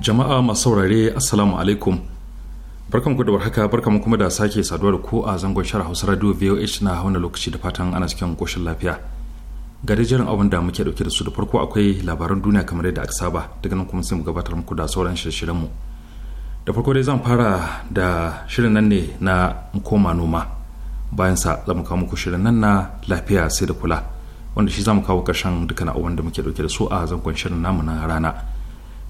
jama'a masu saurare assalamu alaikum barkan ku da warhaka barkan kuma da sake saduwa da ku a zangon shara hausa radio voh na hau wani lokaci da fatan ana cikin koshin lafiya ga jiran abin da muke dauke da su da farko akwai labaran duniya kamar yadda aka saba daga nan kuma sai mu gabatar muku da sauran shirye-shiryenmu da farko dai zan fara da shirin nan ne na koma noma bayan sa za mu kawo muku shirin nan na lafiya sai da kula wanda shi za mu kawo ƙarshen dukkan abin da muke dauke da su a zangon shirin namu na rana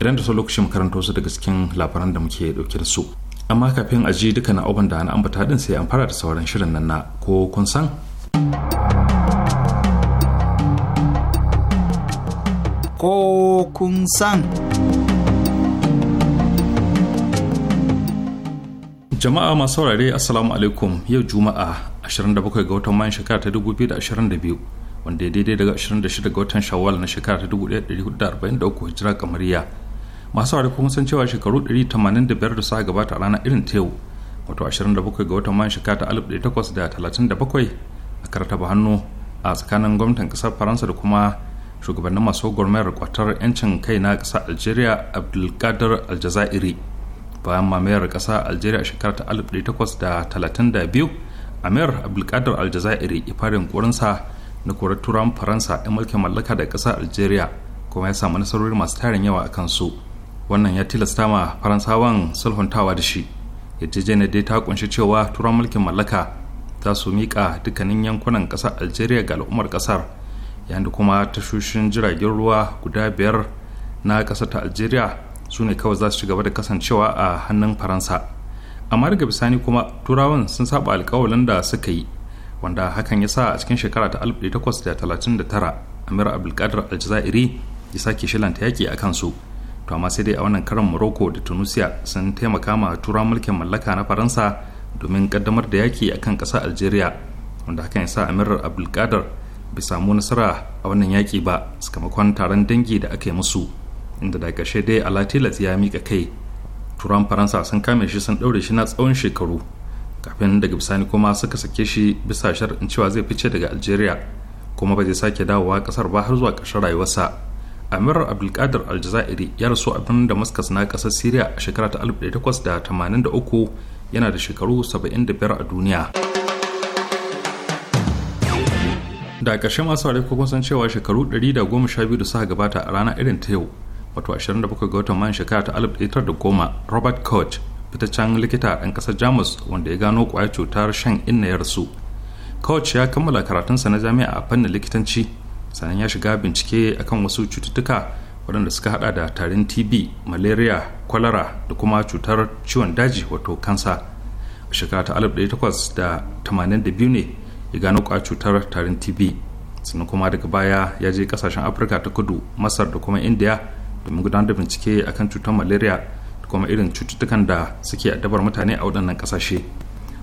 idan da lokaci makarantar karanto su daga cikin labaran da muke dauke da su amma kafin a ji na abubuwan da na ambata din sai an fara da sauran shirin nan na ko kun san ko kun san jama'a masu saurare assalamu alaikum yau juma'a 27 ga watan mayan shekara ta 2022 wanda ya daidai daga 26 ga watan shawwal na shekara ta 1443 hijira kamariya masu wari kuma san cewa shekaru 185 da suka gabata a ranar irin ta yau wato 27 ga watan mayan shekara ta 1837 aka ba hannu a tsakanin gwamnatin kasar faransa da kuma shugabannin masu gwamnatin kwatar yancin kai na kasar algeria abdulkadir aljazairi bayan mamayar kasa algeria a shekara ta 1832 amir abdulkadir aljazairi ya fara yunkurinsa na korar turan faransa 'yan mulkin mallaka da kasar algeria kuma ya samu nasarori masu tarin yawa a kansu wannan ya tilasta ma faransawan sulhuntawa da shi yarjejeniyar dai ta kunshi cewa turan mulkin mallaka ta su miƙa dukkanin yankunan ƙasar algeria ga al'ummar ƙasar yayin da kuma tashoshin jiragen ruwa guda biyar na ƙasar ta algeria su ne kawai za su ci gaba da kasancewa a hannun faransa amma daga bisani kuma turawan sun saba alkawalin da suka yi wanda hakan ya sa a cikin shekara ta da da talatin 1839 amir abdulkadir aljazairi ya sake shilanta yaƙi a kansu to amma sai dai a wannan karan morocco da tunisia sun taimaka ma turan mulkin mallaka na faransa domin kaddamar da yaki akan ƙasa algeria wanda hakan ya sa amirar abdulkadir bai samu nasara a wannan yaki ba sakamakon taron dangi da aka yi musu inda daga ƙarshe dai alatilas ya mika kai turan faransa sun kame shi sun ɗaure shi na tsawon shekaru kafin daga bisani kuma suka sake shi bisa shar'in cewa zai fice daga algeria kuma ba zai sake dawowa ƙasar ba har zuwa ƙarshen rayuwarsa amir abdulkadir aljazairi ya rasu a birnin damascus na kasar syria a shekara ta 1883 yana da shekaru 75 a duniya da ƙarshen masu ware kuma san cewa shekaru 112 da suka gabata a rana irin ta yau wato 27 ga watan mayan shekara ta 1910 robert koch fitaccen likita ɗan ƙasar jamus wanda ya gano ƙwayar cutar shan inna ya rasu koch ya kammala karatunsa na jami'a a fannin likitanci sannan ya shiga bincike akan wasu cututtuka waɗanda suka hada da tarin tb malaria kwalara da kuma cutar ciwon daji wato kansa a shekara ta 1882 ne ya gano kwa cutar tarin tb sannan kuma daga baya ya je kasashen afirka ta kudu masar da kuma indiya domin gudanar da bincike akan cutar malaria da kuma irin cututtukan da suke addabar mutane a waɗannan kasashe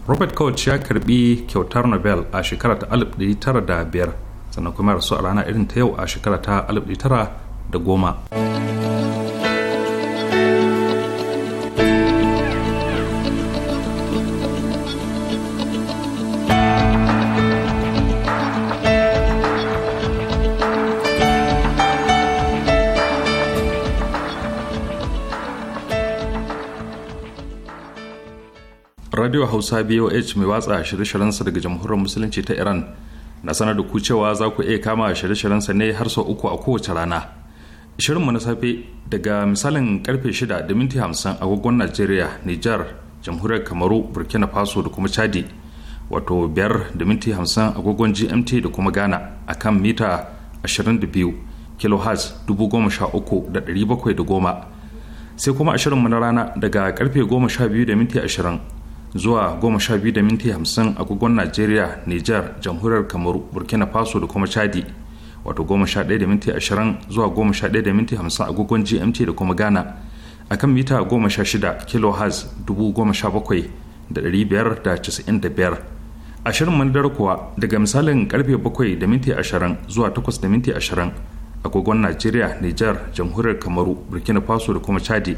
robert koch ya karbi kyautar nobel a shekara ta biyar. sannan kuma rasu a rana irin ta yau a shekara ta alif tara da goma radio hausa boh mai watsa shirye-shiryensa daga jamhuriyar musulunci ta iran na sanar da ku cewa za ku iya kama shirye sa ne har sau uku a kowace rana. mu na safe daga misalin karfe shida da minti hamsin agogon Najeriya, Nijar, Jamhuriyar Kamaru, Burkina Faso da kuma Chadi. Wato 5 da minti hamsin agogon GMT da kuma Ghana a kan mita 22 da 13710. Sai kuma a mu na rana daga karfe goma sha biyu da minti ashirin zuwa goma sha biyu da minti agogon najeriya niger jamhuriyar kamaru burkina faso da kuma chadi wato goma sha ɗaya zuwa goma sha ɗaya agogon gmt da kuma ghana akan mita goma sha shida kilohertz dubu goma bakwai da biyar da da biyar ashirin mandar kuwa daga misalin karfe bakwai da minti ashirin zuwa takwas da minti ashirin agogon najeriya niger jamhuriyar kamaru burkina faso da kuma chadi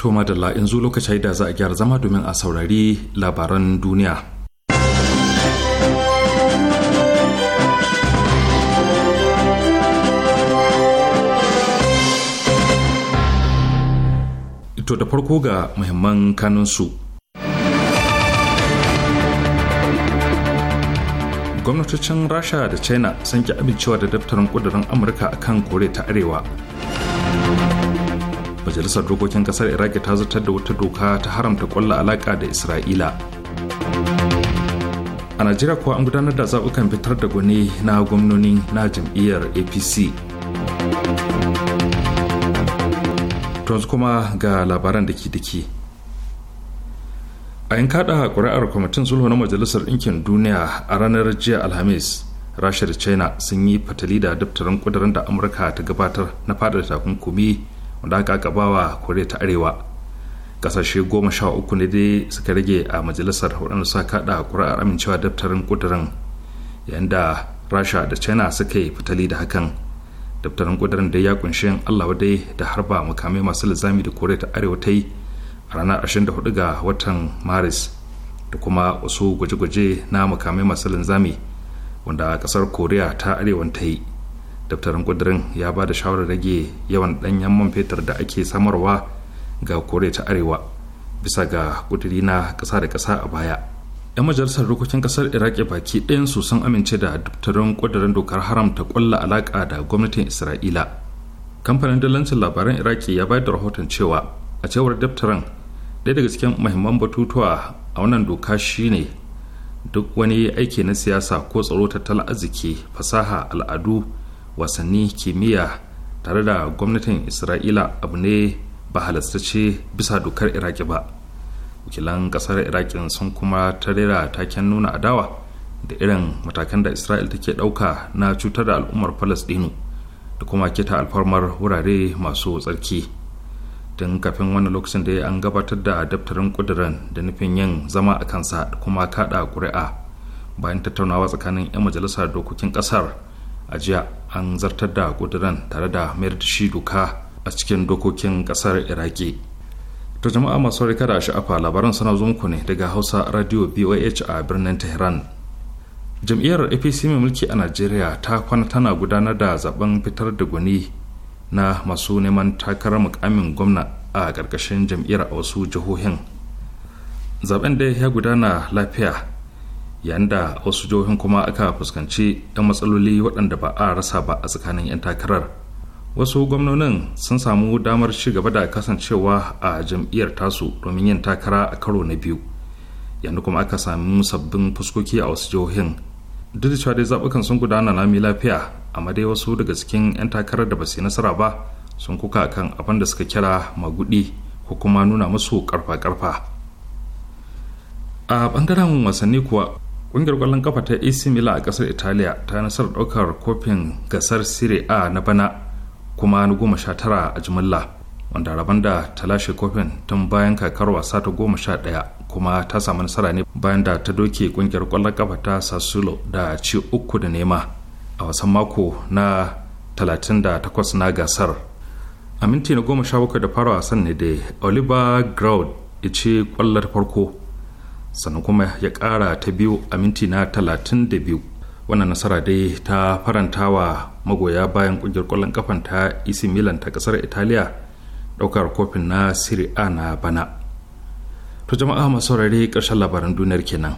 To madalla yanzu lokacin da za a gyara zama domin a saurari labaran duniya. To da farko ga muhimman kanunsu. Gwamnatocin Rasha da China sun ki amincewa da daftarin ƙudurin Amurka akan kore ta Arewa. majalisar dokokin kasar iraki ta zartar da wata doka ta haramta kwalla alaka da isra'ila a najeriya kuwa an gudanar da zaɓukan fitar da gwani na gwamnoni na jam'iyyar apc yanzu kuma ga labaran da ke a yin kada ƙuri'ar kwamitin sulhu na majalisar ɗinkin duniya a ranar jiya alhamis rasha da china sun yi fatali da daftarin ƙudurin da amurka ta gabatar na fadar takunkumi wanda aka gabawa koriya ta arewa kasashe goma sha uku ne dai suka rage a majalisar waɗanda suka kaɗa ƙuri'ar amincewa daftarin ƙudurin yayin da rasha da china suka yi fitali da hakan daftarin ƙudurin dai ya kunshi allah dai da harba makamai masu lizami da kore ta arewa ta yi a ranar 24 ga watan maris da kuma wasu gwaje-gwaje na makamai masu linzami wanda kasar koriya ta arewa ta yi daftarin kudirin ya ba da shawarar rage yawan ɗanyen man fetur da ake samarwa ga kore ta arewa bisa ga kuduri na ƙasa da ƙasa a baya 'yan majalisar dokokin ƙasar iraq baki ɗayan su sun amince da daftarin kudirin dokar haramta ƙwalla alaƙa da gwamnatin isra'ila kamfanin dalancin labaran iraki ya bayar da rahoton cewa a cewar daftarin ɗaya daga cikin mahimman batutuwa a wannan doka shine duk wani aiki na siyasa ko tsaro tattalin arziki fasaha al'adu wasanni kimiyya tare da gwamnatin isra'ila abu ne ba halastace bisa dokar iraki ba wakilan kasar irakin sun kuma tarera taken nuna adawa da irin matakan da isra'il take ɗauka na cutar da al'ummar falastinu da kuma kita alfarmar wurare masu tsarki tun kafin wani lokacin da an gabatar da daftarin kudirin da nufin yin zama a kansa da kuma kada ƙuri'a bayan tattaunawa tsakanin 'yan majalisar dokokin ƙasar a jiya an zartar da ƙuduran tare da mayar da shi doka a cikin dokokin ƙasar iraki to jama'a masu rika da sha'afa labaran suna zo muku ne daga hausa radio boh a birnin tehran jam'iyyar apc mai mulki a najeriya ta kwana tana gudanar da zaben fitar da guni na masu neman takarar mukamin gwamna a ƙarƙashin jam'iyyar a wasu jihohin zaben da ya gudana lafiya yayin da wasu jihohin kuma aka fuskanci 'yan matsaloli waɗanda ba a rasa ba a tsakanin 'yan takarar wasu gwamnonin sun samu damar ci gaba da kasancewa a jam'iyyar tasu domin yin takara a karo na biyu yanzu kuma aka sami sabbin fuskoki a wasu jihohin duk da cewa dai zaɓukan sun gudana lami lafiya amma dai wasu daga cikin 'yan takarar da ba su yi nasara ba sun kuka kan abin da suka kira magudi ko kuma nuna musu karfa-karfa a bangaren wasanni kuwa ƙungiyar kwallon kafa ta ac milan a ƙasar italiya ta nasarar ɗaukar kofin gasar serie a na bana kuma na goma sha tara a jimilla wanda rabon da ta lashe kofin tun bayan kakar wasa ta goma sha ɗaya kuma ta samu nasara ne bayan da ta doke kungiyar ƙwallon kafa ta Sassuolo da ci uku da nema a wasan mako na 38 na gasar a minti na goma sha bakwai da fara wasan ne da oliver groud ya ce kwallar farko sannan kuma ya kara ta biyu a minti na 32 wannan nasara dai ta faranta wa magoya bayan kungiyar kwallon kafan ta isi Milan ta kasar Italiya daukar kofin na Serie A na bana. To jama'a masu saurari ƙarshen labaran duniyar kenan.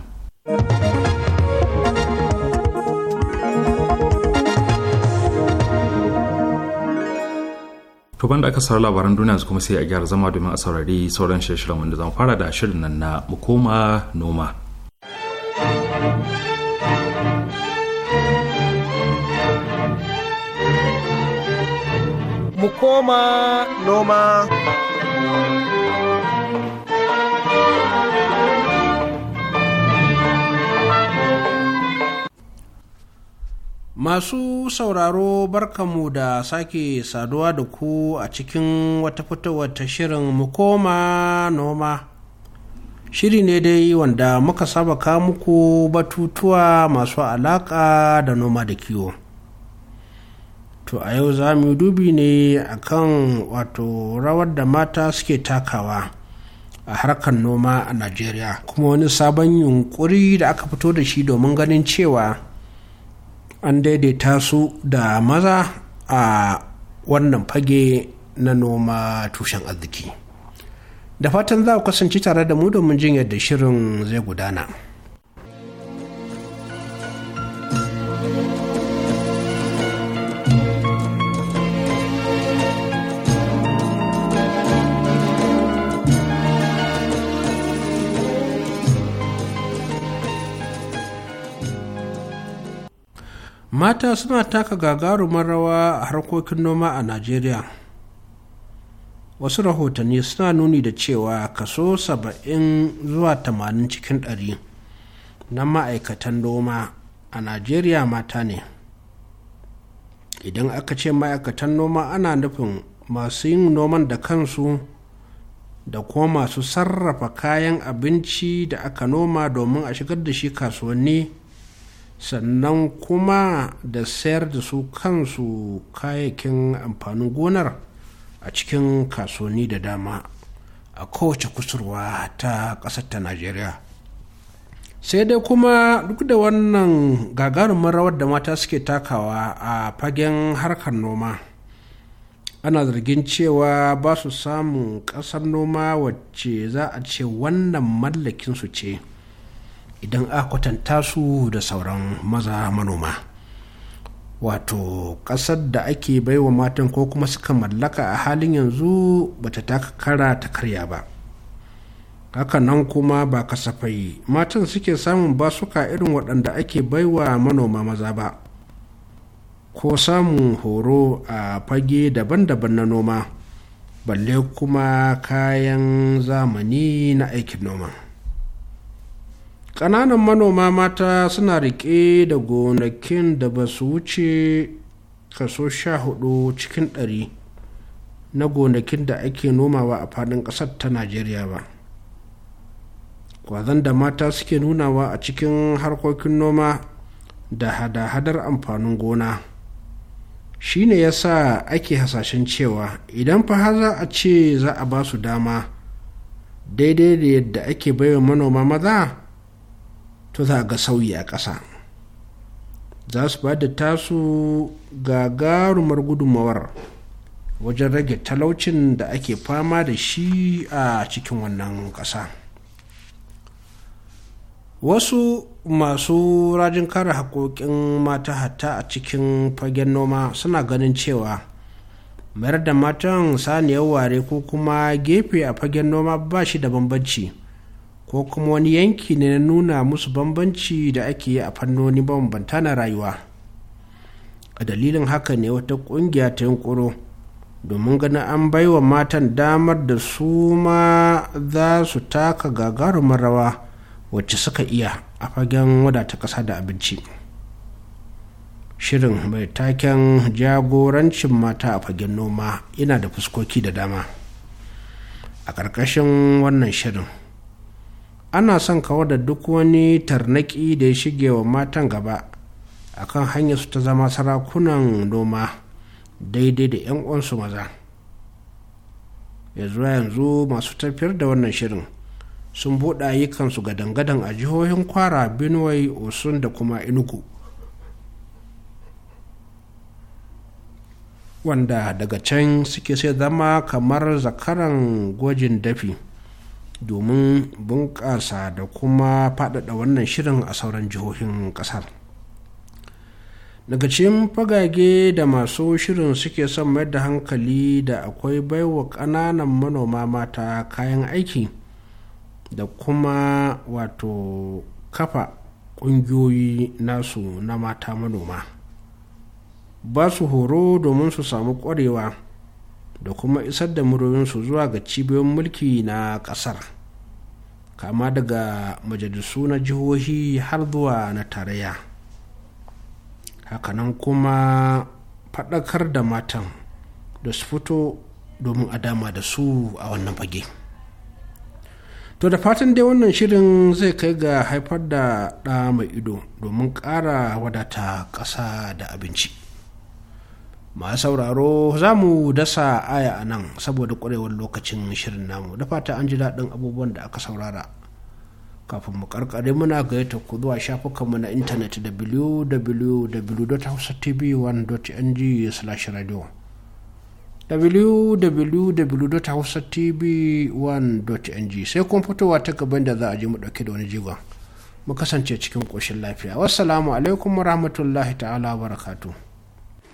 to banda aka saurari labaran duniya su kuma sai a gyara zama domin a saurari sauran shirye-shiryen wanda zan fara da shirin nan na mukoma noma mu noma Masu sauraro mu da sake saduwa da ku a cikin wata fitowar ta shirin mu koma noma. Shiri ne dai wanda muka saba ka muku batutuwa masu alaƙa da noma da kiwo. To a yau za mu dubi ne akan wato rawar da mata suke takawa a harkar noma a Najeriya kuma wani sabon yunkuri da aka fito da shi domin ganin cewa an daidaita su da maza a wannan fage na noma tushen arziki da fatan za ku kasance tare da mu domin jin yadda shirin zai gudana. mata suna taka gagarumar rawa a harkokin noma a najeriya wasu rahotanni suna nuni da cewa kaso 70 zuwa 80 cikin 100 na ma'aikatan noma a najeriya mata ne idan aka ce ma'aikatan noma ana nufin masu yin noman da kansu da kuma masu sarrafa kayan abinci da aka noma domin a shigar da shi kasuwanni sannan kuma da sayar da su kansu kayayyakin amfanin gonar a cikin kasuwanni da dama a kowace kusurwa ta ƙasar ta najeriya sai dai kuma duk da wannan gagarumin rawar da mata suke takawa a fagen harkar noma ana zargin cewa ba su samun ƙasar noma wacce za a ce wannan mallakinsu ce idan a kwatanta su da sauran maza manoma wato ƙasar da ake baiwa matan ko kuma suka mallaka a halin yanzu bata taka kara ta karya ba nan kuma ba kasafai matan suke samun basuka irin waɗanda ake baiwa manoma maza ba ko samun horo a fage daban-daban na noma balle kuma kayan zamani na aikin noma. ƙananan manoma mata suna riƙe da gonakin da ba su wuce kaso sha hudu cikin ɗari na gonakin da ake nomawa a faɗin ƙasar ta najeriya ba kwazon da mata suke nunawa a cikin harkokin noma da hada-hadar amfanin gona Shi ne ya sa ake hasashen cewa idan fa za a ce za a ba su dama daidai da yadda ake baiwa manoma maza to za ga sauyi a ƙasa za su ba da tasu gagarumar gudunmawar wajen rage talaucin da ake fama da shi a cikin wannan ƙasa wasu masu rajin kare haƙoƙin mata hatta a cikin fagen noma suna ganin cewa mayar da matan saniyar ware ko kuma gefe a fagen noma ba shi da bambanci ko kuma wani yanki ne na nuna musu bambanci da ake yi a fannoni bambanta na rayuwa a dalilin haka ne wata ƙungiya ta yunkuro domin ganin an bai wa matan damar da su ma za su taka gagarumin rawa wacce suka iya a fagen wadata ƙasa da abinci shirin mai taken jagorancin mata a fagen noma yana da fuskoki da dama a ƙarƙashin wannan shirin ana son kawar da duk wani tarnaki da ya shige wa matan gaba akan hanyar su ta zama sarakunan noma daidai da 'yan uwansu maza ya zuwa yanzu masu tafiyar da wannan shirin sun buɗe ayyukansu gadan-gadan a jihohin kwara benue osun da kuma inugu wanda daga can suke sai zama kamar zakaran gwajin dafi domin bunƙasa da kuma faɗaɗa wannan shirin a sauran jihohin ƙasar daga cikin fagage da masu shirin suke son mayar da hankali da akwai baiwa ƙananan manoma mata kayan aiki da kuma wato kafa ƙungiyoyi nasu na mata manoma ba su horo domin su samu ƙwarewa da kuma isar da muroyinsu zuwa ga cibiyoyin mulki na kasar kama daga majalisu na jihohi har zuwa na tarayya hakanan kuma faɗakar da matan da su fito domin a dama da su a wannan fage to da fatan dai wannan shirin zai kai ga haifar da ɗa mai ido domin ƙara wadata ƙasa da abinci masu sauraro za mu dasa aya a nan saboda ƙwarewar lokacin shirin namu da fata an ji daɗin abubuwan da aka saurara kafin mu karkare muna gayyata ku zuwa shafukanmu na intanet www.hausatv1.ng/radio www.hausatv1.ng sai kuma fitowa ta gaban da za a je mu ɗauke da wani jigon mu kasance cikin ƙoshin lafiya wasu alaikum wa rahmatullahi ta'ala wa barakatu.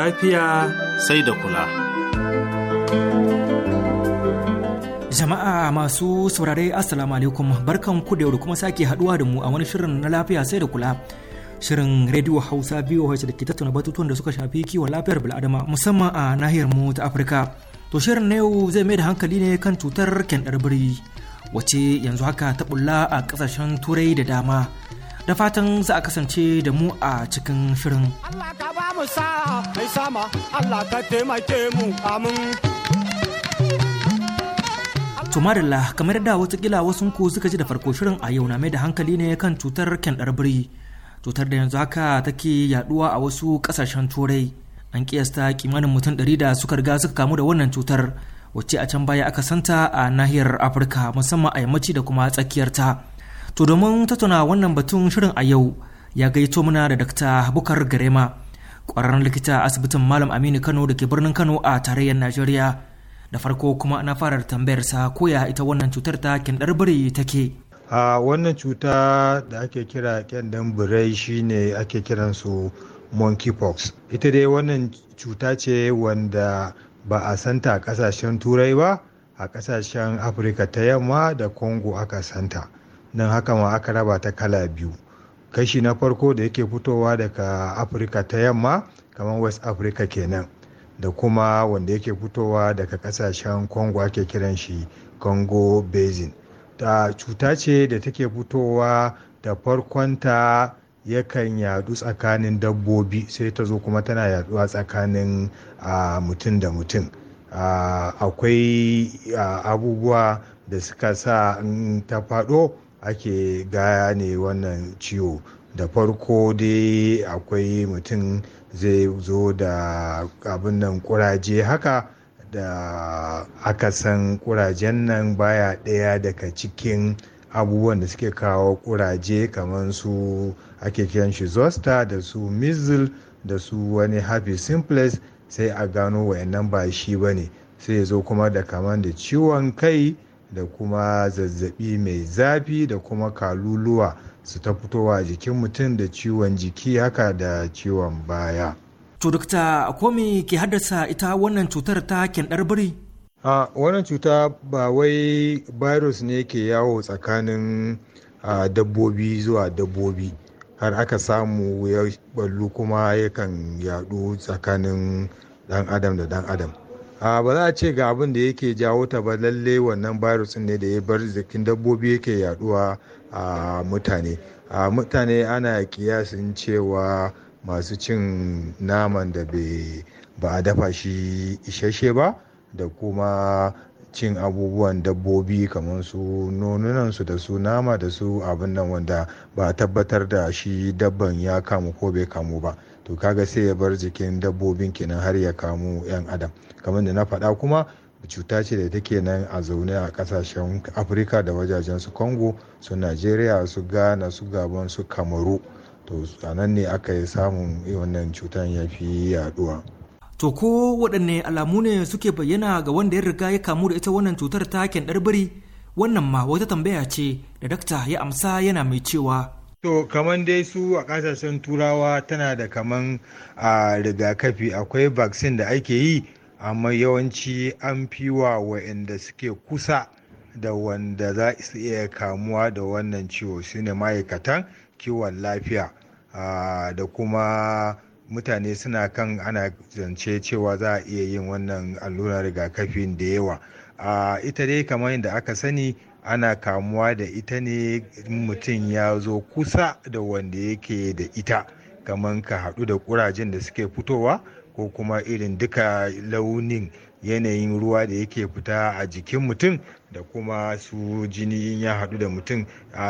lafiya sai da kula. Jama'a masu saurare Assalamu alaikum barkan ku da yau kuma sake haduwa da mu a wani shirin na lafiya sai da kula. Shirin Radio Hausa VOH da ke tattauna batutuwan da suka shafi kiwon lafiyar bil'adama musamman a nahiyar mu ta Afirka. To shirin na yau zai mai da hankali ne kan cutar kyandar biri wace yanzu haka ta bulla a kasashen turai da dama. Da fatan za a kasance da mu a cikin shirin. Allah mu sa mai sama Allah ka taimake mu amin. Tumarilla kamar da watakila wasu ku suka ji da farko shirin a yau na mai da hankali ne kan cutar kyandar biri. Cutar da yanzu haka take yaduwa a wasu kasashen turai. An kiyasta kimanin mutum ɗari da suka riga suka kamu da wannan cutar wacce a can baya aka santa a nahiyar Afirka musamman a yammaci da kuma tsakiyar ta To domin tattauna wannan batun shirin a yau ya gaito muna da Dr. Bukar Garema ƙwararren likita a asibitin malam aminu kano da ke birnin kano a tarayyar najeriya da farko kuma na fara tambayar sa koya ita wannan cutar ta kindar biri take a wannan cuta da ake kira kyandan birai shine ake kiran su monkeypox ita dai wannan cuta ce wanda ba a santa a kasashen turai ba a kasashen afirka ta yamma da congo aka santa nan haka ma aka raba ta kala biyu kashi na farko da yake fitowa daga afirka ta yamma kamar west africa kenan da kuma wanda yake fitowa daga kasashen congo ake kiran shi congo basin ta cuta ce da take fitowa da farkonta yakan yadu tsakanin dabbobi sai ta zo kuma tana yaduwa tsakanin mutum da mutum akwai abubuwa da suka sa ta faɗo ake gane wannan ciwo da farko dai akwai mutum zai zo da abin nan kuraje haka da aka san kurajen nan baya ɗaya daga cikin abubuwan da suke kawo kuraje kamar su ake kiran shi zosta da su missile da su wani happy simplex sai a gano wayannan ba shi ba ne sai ya zo kuma da kamar da ciwon kai da kuma zazzabi mai zafi da kuma kaluluwa su ta fitowa a jikin mutum da ciwon jiki haka da ciwon baya. To dokta komi ke haddasa ita wannan cutar ta kyandar biri? A wannan cuta ba wai virus ne ke yawo tsakanin dabbobi zuwa dabbobi har aka samu ya ballu kuma yakan yaɗu tsakanin ɗan adam da ɗan adam. a ba za a ce ga abin da yake jawo ta ba lalle wannan virus ne da ya bar jikin dabbobi yake yaduwa a mutane a mutane ana kiyasin cewa masu cin naman da ba a dafa shi isasshe ba da kuma cin abubuwan dabbobi kamar su dasu, da su nama da su abin nan wanda ba a tabbatar da shi dabban ya kamu ko bai kamu ba to kaga sai ya bar jikin dabbobin kenan har ya kamu yan adam kamar da na faɗa kuma cuta ce da take nan a zaune a kasashen afirka da wajajen su congo su nigeria su ghana su gabon su kamaru to nan ne aka yi samun wannan cutan ya fi yaduwa to ko waɗanne alamu ne suke bayyana ga wanda ya riga ya kamu da ita wannan cutar ta kendar bari wannan ma wata tambaya ce da dakta ya amsa yana mai cewa To kaman dai su a kasashen turawa tana da kaman a rigakafi akwai vaccine da ake yi amma yawanci an fi wa wa'inda suke kusa da wanda za su iya kamuwa da wannan ciwo shine ma'aikatan kiwon lafiya da kuma mutane suna kan ana zance cewa za a iya yin wannan allurar rigakafin da yawa ita dai kaman yadda aka sani ana kamuwa da ita ne mutum ya zo kusa da wanda yake da ita kamar ka haɗu da ƙurajen da suke fitowa ko kuma irin duka launin yanayin ruwa da yake fita a jikin mutum da kuma su jini ya haɗu da mutum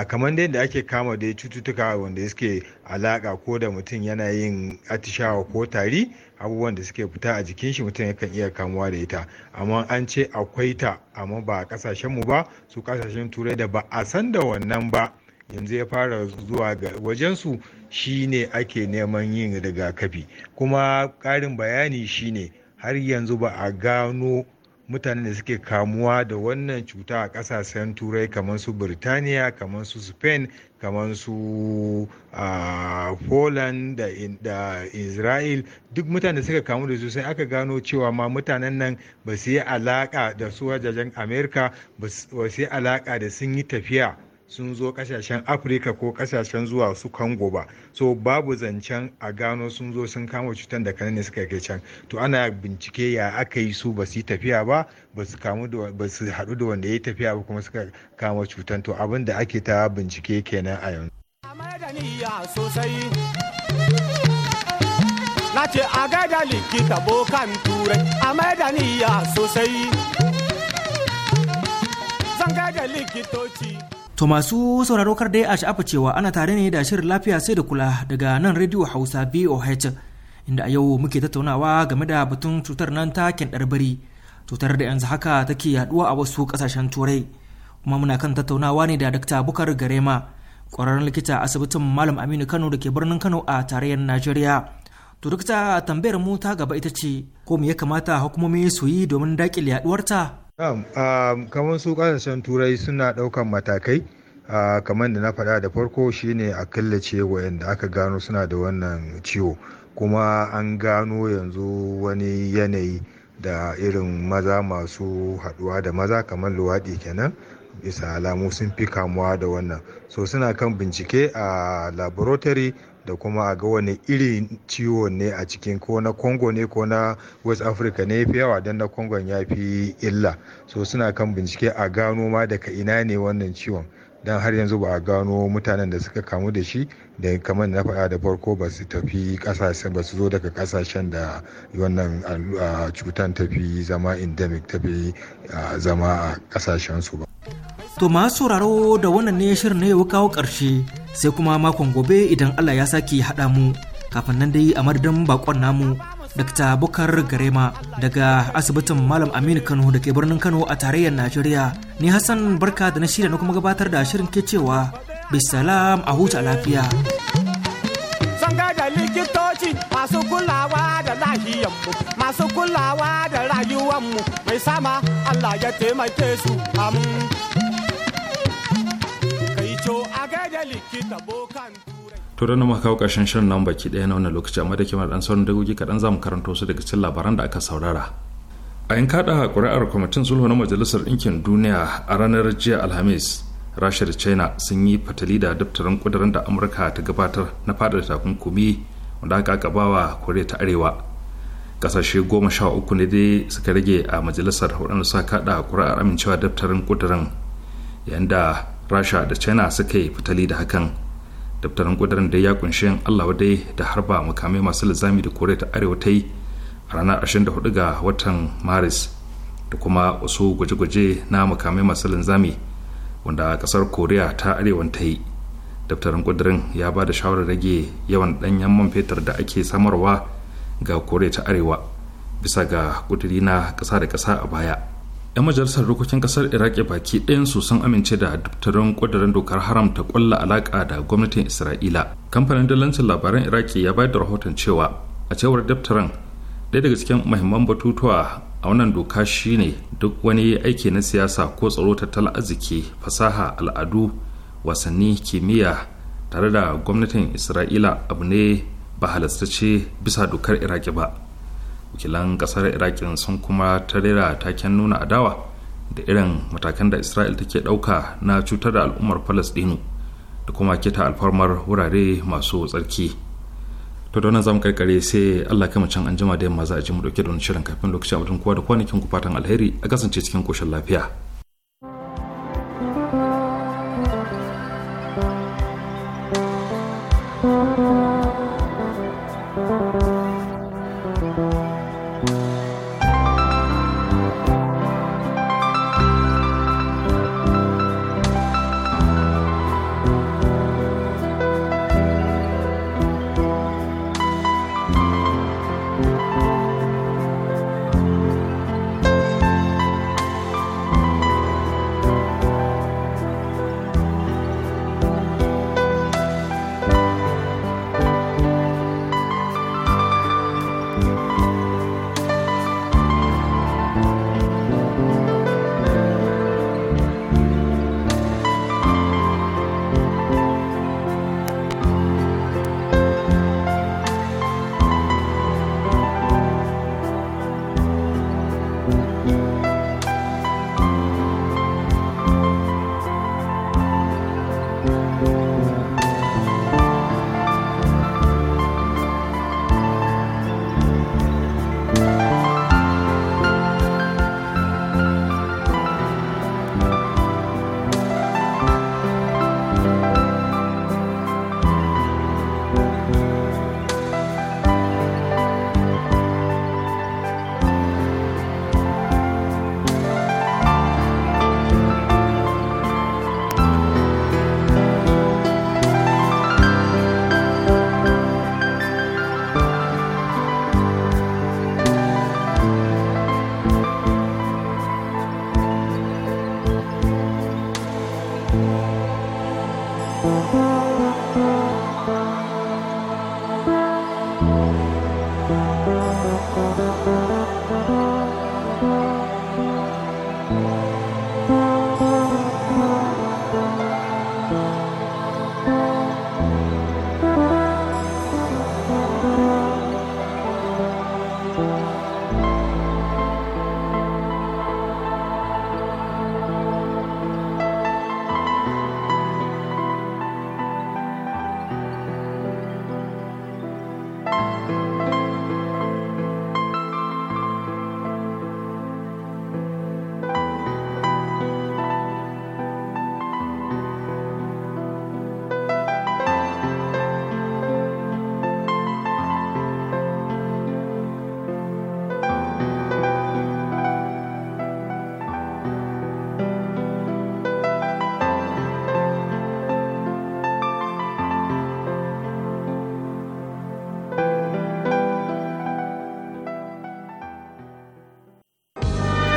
kamar yadda ake kama da cututtuka wanda suke alaƙa ko da mutum yana yin atishawa ko tari abubuwan da suke fita a jikin shi mutum yakan iya kamuwa da ita amma an ce akwai ta amma ba a kasashen mu ba su kasashen turai da ba a san da wannan ba yanzu ya fara zuwa ga wajensu shine ake neman yin rigakafi kuma ƙarin bayani shine har yanzu ba a gano mutanen da suke kamuwa da wannan cuta a kasashen turai kamar su birtaniya kamar su spain kamar su a poland da israel duk mutane suka kamu da su sai aka gano cewa ma mutanen nan ba su yi alaka da su wajajen amerika ba su yi alaka da sun yi tafiya sun zo kasashen afirka ko kasashen zuwa su kango ba so babu zancen a gano sun zo sun kama cutar da kanan suka kai can to ana bincike ya aka yi su ba su yi tafiya ba ba su kamu da haɗu da wanda ya yi tafiya ba kuma suka kama cutar to abin da ake ta bincike kenan a yanzu na ce a likitoci To masu sauraro kar dai a sha'afa cewa ana tare ne da shirin lafiya sai da kula daga nan rediyo Hausa boh inda a yau muke tattaunawa game da batun cutar nan ta kyandarbari cutar da yanzu haka take yaduwa a wasu kasashen turai kuma muna kan tattaunawa ne da Dr. Bukar Garema kwararren likita asibitin Malam Aminu Kano da ke birnin Kano a tarayyar Najeriya. To duk tambayar mu ta gaba ita ce ko me ya kamata hukumomi su yi domin dakile yaduwarta Um, kamar su kasashen turai suna ɗaukan matakai uh, kamar da na faɗa da farko shine a killace wayanda aka gano suna da wannan ciwo kuma an gano yanzu wani yanayi da irin maza masu haɗuwa da maza kamar luwaɗi kenan bisa alamu sun fi kamuwa da wannan so suna kan bincike a laboratory da kuma a ga wani irin ciwo ne a cikin ko na congo ne ko na west africa ne fi yawa don na congo ya fi illa so suna kan bincike a gano ma daga ina ne wannan ciwon don har yanzu ba a gano mutanen da suka kamu da shi da kamar na faɗa da farko ba su tafi ƙasashen ba su zo daga kasashen da wannan cutan tafi zama endemic tafi zama a ƙasashensu ba To masu sauraro da wannan ne shirin na yau kawo ƙarshe sai kuma makon gobe idan Allah ya sake haɗa mu kafin nan dai a madadin bakon namu Dr. Bukar Garema daga asibitin Malam Aminu Kano da ke birnin Kano a tarayyar Najeriya. Ni Hassan Barka da na shirya na kuma gabatar da shirin ke cewa bisalam a huta lafiya. likitoci masu kulawa da mu masu kulawa da rayuwanmu mai sama Allah ya taimake su amin. turai na makawa karshen shirin nan baki ɗaya na wannan lokaci amma da kimar ɗan sauran dagogi kaɗan za mu karanto su daga cikin labaran da aka saurara a yin kaɗa ƙuri'ar kwamitin sulhu na majalisar ɗinkin duniya a ranar jiya alhamis rasha da china sun yi fatali da daftarin ƙudurin da amurka ta gabatar na fadar takunkumi wanda aka gabawa koriya ta arewa ƙasashe goma sha uku ne dai suka rage a majalisar waɗanda suka kaɗa ƙuri'ar amincewa daftarin ƙudurin yayin da rasha da china suka yi fitali da hakan daftarin kudirin da ya kunshi yin allah wadai da harba mukamai masu lizami da koriya ta arewa ta yi a ranar 24 ga watan maris da kuma wasu gwaje-gwaje na mukamai masu linzami wanda kasar koriya ta arewa ta yi daftarin kudirin ya ba da shawarar rage yawan danyen man fetur da ake samarwa ga koriya ta arewa bisa ga kudiri na kasa da kasa a baya 'yan majalisar dokokin kasar iraki baki ɗayansu sun amince da daftarin ƙudurin dokar haram ta ƙwalla alaƙa da gwamnatin isra'ila kamfanin dalancin labaran iraki ya bayar da rahoton cewa a cewar daftarin ɗaya daga cikin mahimman batutuwa a wannan doka shine duk wani aiki na siyasa ko tsaro tattalin arziki fasaha al'adu wasanni kimiyya tare da gwamnatin isra'ila abu ne ba halastacce bisa dokar iraki ba wakilan kasar irakin sun kuma tarera taken nuna adawa da irin matakan da isra'il take dauka na cutar da al'ummar falasɗinu da kuma kita alfarmar wurare masu tsarki to donan zamu karkare sai allah kama can anjima jima da yamma za a ji mu dauke da wani shirin kafin lokacin abin kowa da kwanakin ku fatan alheri a kasance cikin koshin lafiya